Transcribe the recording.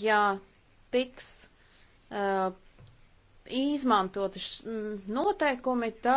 ja tiks uh, izmantoti mm, noteikumi, tad